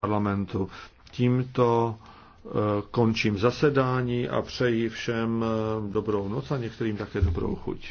parlamentu. Tímto e, končím zasedání a přeji všem e, dobrou noc a některým také dobrou chuť.